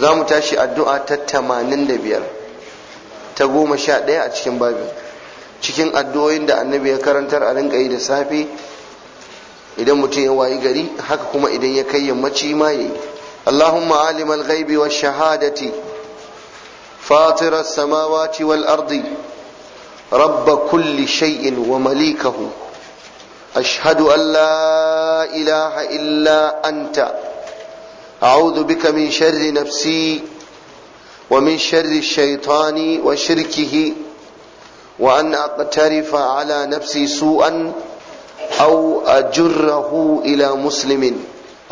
za mu tashi addu'a ta tamanin da biyar ta goma sha ɗaya a cikin babin cikin addu'o'in da annabi ya karantar a rinka yi da safe idan mutum ya wayi gari haka kuma idan ya kai yammaci ma yi allahumma alimal ghaibi wa shahadati fatirar samawaci wal ardi rabba kulli shay'in wa malikahu ashhadu an la ilaha illa anta أعوذ بك من شر نفسي ومن شر الشيطان وشركه وأن أقترف على نفسي سوءا أو أجره إلى مسلم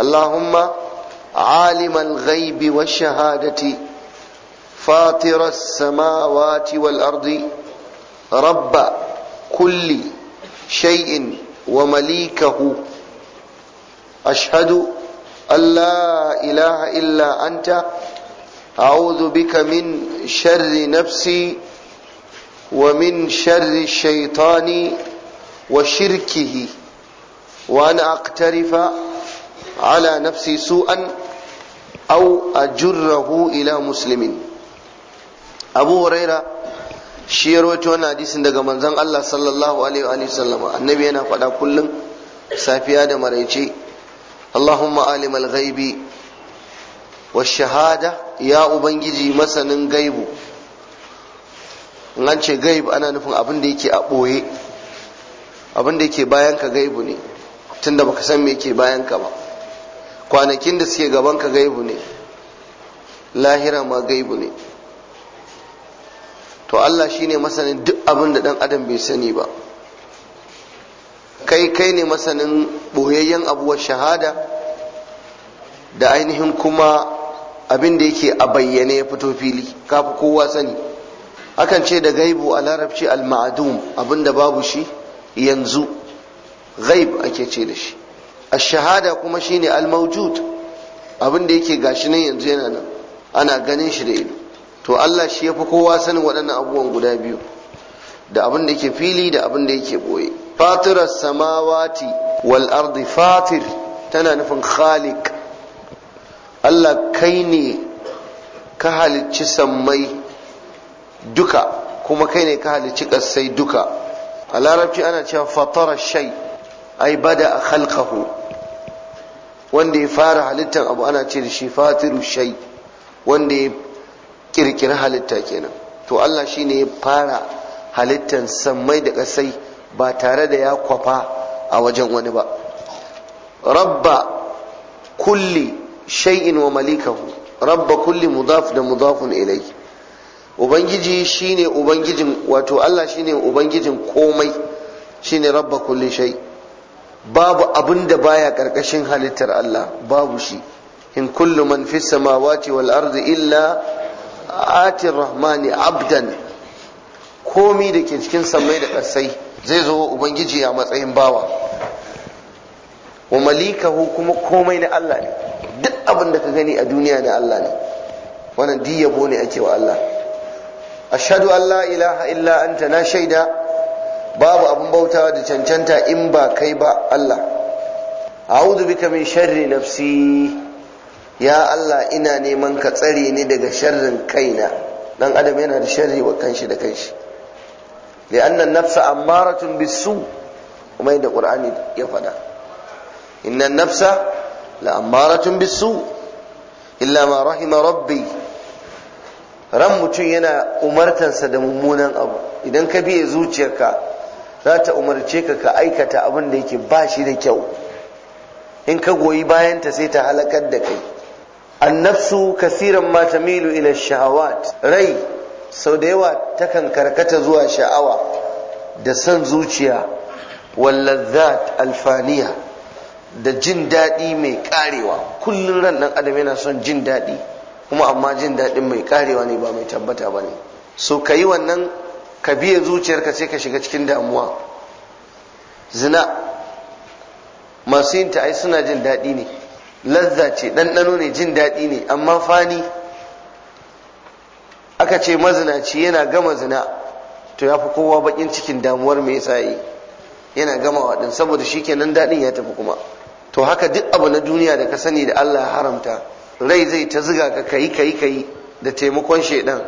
اللهم عالم الغيب والشهادة فاطر السماوات والأرض رب كل شيء ومليكه أشهد Allah ilaha illa anta a'udhu bika min sharri nafsi wa min sharri shaitani wa shirkihi wa ana aqtarifa ala nafsi su'an aw ajurrahu ila muslimin Abu Huraira shi ya rawaito wannan hadisin daga manzon Allah sallallahu alaihi wa sallama annabi yana faɗa kullum safiya da maraice Allahumma عالم الغيب والشهادة يا أبنجي مثلا غيب in an ce gaib ana nufin abin da yake a ɓoye abin da yake bayanka gaibu ne tunda baka san me yake bayanka ba kwanakin da suke gabanka gaibu ne lahira ma gaibu ne to Allah shine masanin duk abin da dan adam bai sani ba kai kai ne masanin boyayyen abuwar shahada da ainihin kuma abin da yake a bayyane ya fito fili kafi kowa sani akan ce da gaibu a larabci al-ma'adum abin da babu shi yanzu gaib ake ce da shi a shahada kuma shine al maujud abin da yake gashi nan yanzu yana nan ana ganin shi da ido to Allah shi ya fi kowa sanin waɗannan abubuwan guda biyu da abin da yake fili da abin da yake boye fatirar samawati wal ardi fatir tana nufin khalik Allah kai ne ka halicci sammai duka kuma kai ne ka halicci kasai duka a larabci ana cewa fatara shai ai bada a khalqahu wanda ya fara halittar abu ana ce da shi fatiru shai wanda ya kirkiri halitta kenan to Allah shine ya fara halittar sammai da ƙasai ba tare da ya kwafa a wajen wani ba rabba kulli shay'in wa malikahu rabba kulli mudaf da mudafun ilai ubangiji shine ubangijin wato Allah shine ubangijin komai shine rabba kulli shay babu abin baya karkashin halittar Allah babu shi in kullu man fis samawati wal ardi illa ati rahmani abdan komi da ke cikin sammai da ƙasai zai zo ubangiji a matsayin bawa wa malikahu kuma komai na Allah ne duk abin da ka gani a duniya na Allah ne wannan duk yabo ne ake wa Allah ashadu allah ilaha illa anta na shaida babu abin bauta da cancanta in ba kai ba Allah a'udhu bitamin min sharri nafsi ya Allah ina neman ka tsare ni daga sharrin kaina dan adam yana da sharri wa kanshi da kanshi li anna an-nafsa ammaratun bis-su kuma yadda qur'ani ya faɗa inna an-nafsa la su illa ma rahima rabbi ran mutum yana umartansa da mummunan abu idan ka biye zuciyarka za ta umarce ka ka aikata abin da yake ba shi da kyau in ka goyi bayanta sai ta halakar da kai annafsu kasiran ma tamilu ila shahawat rai sau da yawa takan karkata zuwa sha'awa da son zuciya wallazat alfaniya da jin daɗi mai ƙarewa. kullum ran ɗan adam yana son jin daɗi kuma amma jin daɗin mai ƙarewa ne ba mai tabbata ba ne so ka yi wannan ka biya zuciyarka sai ka shiga cikin damuwa zina masu yin ta ai suna jin daɗi ne lazza ce ɗanɗano ne jin daɗi ne amma fani aka ce mazinaci yana gama zina to ya fi kowa bakin cikin damuwar mai sayi yana gama waɗin saboda shi kenan daɗin ya tafi kuma to haka duk abu na duniya da ka sani da Allah ya haramta rai zai ta ziga ka kayi kayi kayi da taimakon shaidan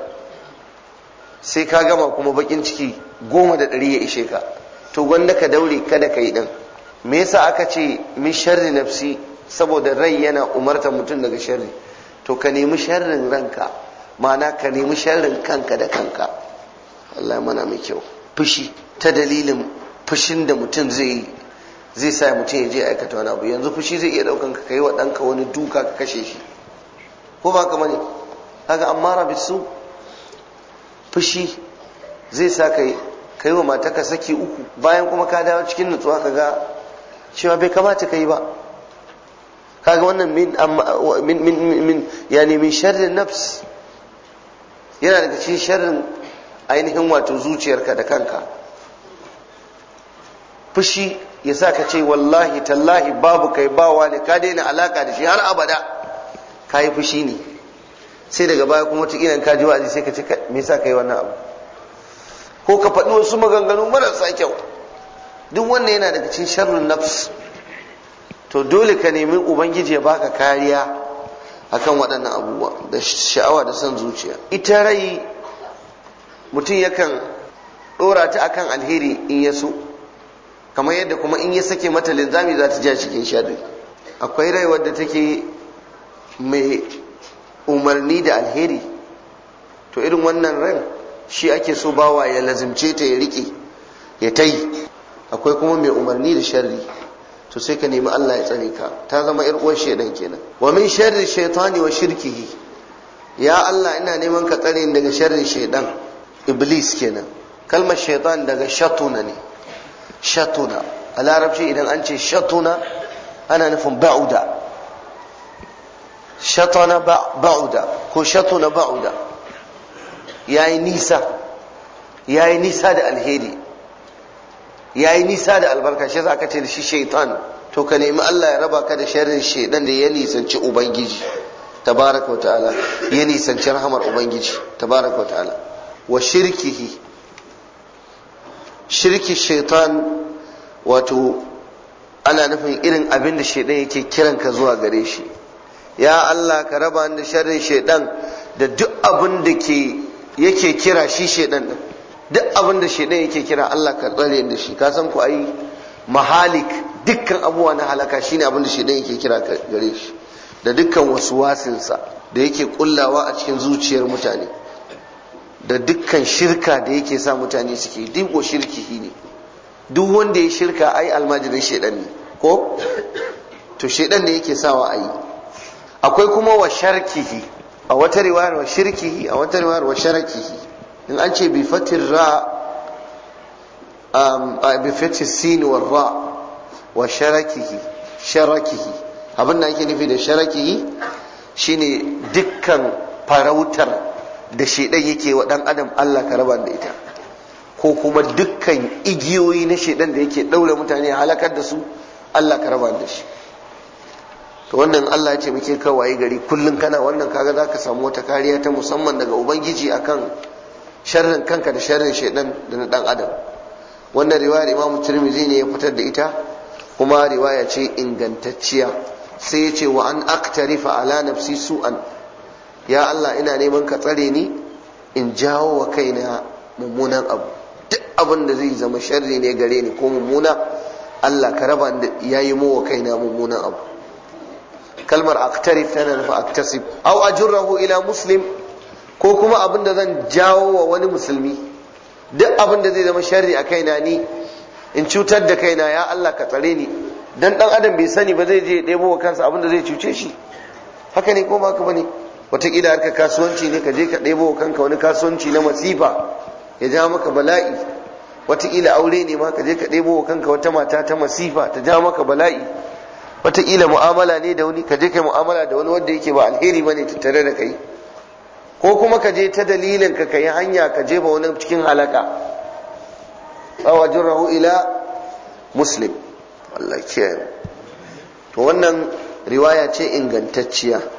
sai ka gama kuma bakin ciki goma da ɗari ya ishe ka to gwanda ka daure kada ka yi ɗan me yasa aka ce min sharri nafsi saboda rai yana umarta mutum daga sharri to ka nemi sharrin ranka ma'ana ka nemi sharrin kanka da kanka Allah mana mai kyau fushi ta dalilin fushin da mutum zai yi zai sa mutum ya je aikata wani abu yanzu fushi zai iya daukan ka kai wa ɗanka wani duka ka kashe shi ko ba kamar ne haka amma rabi su fushi zai sa kai kai wa matarka saki uku bayan kuma ka dawo cikin nutsuwa ka ga cewa bai kamata ka yi ba kaga wannan min min min sharrin nafs yana daga cikin sharrin ainihin wato zuciyarka da kanka fushi ya sa ka ce wallahi tallahi babu kai bawa ne ka daina alaka da shi har abada ka yi fushi ne sai daga baya kuma wataƙila ka ji wa'azi sai ka ce me yasa ka yi wannan abu ko ka faɗi wasu maganganu marasa kyau duk wannan yana daga cikin sharrin nafs to dole ka nemi ubangiji ya baka kariya akan waɗannan abubuwa da sha'awa da son zuciya ita rai mutum yakan ɗora ta akan alheri in ya so kamar yadda kuma in ya sake mata linzami za ta ja cikin shaɗi akwai rai wadda take mai umarni da alheri to irin wannan ran shi ake so bawa ya lazimce ta ya riƙe ya ta yi akwai kuma mai umarni da sharri to sai ka nemi Allah ya tsare ka ta zama ir uwar shedan kenan wa min sharri shaytani wa shirkihi ya Allah ina neman ka tsare ni daga sharrin shedan iblis kenan kalmar shaitan daga shatuna ne shatuna a larabci idan an ce shatuna ana nufin ba'uda Shatuna ba'uda ko shatuna ba'uda yayi nisa ya yi nisa da alheri yayi nisa da albarka shi za ka ce da shi shaitan to ka nemi Allah ya raba ka da sharrin shaidan da ya nisanci ubangiji tabaraka wa ta'ala ya nisanci rahamar ubangiji tabaraka wa ta'ala wa shirkihi shirki shaitan wato ana nufin irin abin da shaidan yake kiran ka zuwa gare shi ya Allah ka raba da sharrin shaidan da duk abin da ke yake kira shi shaidan din duk abin da ɗaya yake kira Allah ka tsare da shi kasan ku ayi mahalik dukkan abubuwa na halaka ne abin da shi ɗaya yake kira gare shi da dukkan wasu wasinsa da yake kullawa a cikin zuciyar mutane da dukkan shirka da yake sa mutane suke dinko shirki ne duk wanda ya shirka ai almajirin shaidan ne ko to shaidan ne yake sawa ayi akwai kuma wa sharkihi a wata riwayar wa shirkihi a wata riwayar wa sharakihi in an ce bi fatir ra um, bi sin wa ra wa sharakihi sharakihi abin ake nufi da sharakihi shine dukkan farautar da shaidan yake wa dan adam Allah ka raba da ita ko kuma dukkan igiyoyi na shaidan da yake ɗaure mutane halakar da su Allah ka raba da shi to wannan Allah ya ce muke kawaye gari kullum kana wannan kaga zaka samu wata kariya ta musamman daga ubangiji akan sharrin kanka da sharrin shaidan da na dan adam wannan riwayar imamu tirmidhi ne ya fitar da ita kuma riwaya ce ingantacciya sai ya ce wa an aktarifa ala nafsi su'an ya Allah ina neman ka tsare ni in jawo wa kaina mummunan abu duk abin da zai zama sharri ne gare ni ko mummuna Allah ka raba ya yi wa kaina mummunan abu kalmar aktarif tana nufa aktasib au ajurrahu ila muslim ko kuma abin da zan jawo wa wani musulmi duk abin da zai zama sharri a kaina ni in cutar da kaina ya Allah ka tsare ni dan dan adam bai sani ba zai je ya wa kansa abin da zai cuce shi haka ne ko ba ka bane wataƙila harka kasuwanci ne ka je ka ɗebo wa kanka wani kasuwanci na masifa ya ja maka bala'i wataƙila aure ne ma ka je ka ɗebo wa kanka wata mata ta masifa ta ja maka bala'i wataƙila mu'amala ne da wani ka je ka mu'amala da wani wanda yake ba alheri bane tattare da kai ko kuma ka je ta dalilin ka kai hanya ka je ba wani cikin halaka awa jirrahu ila muslim Allah kiyaye to wannan riwaya ce ingantacciya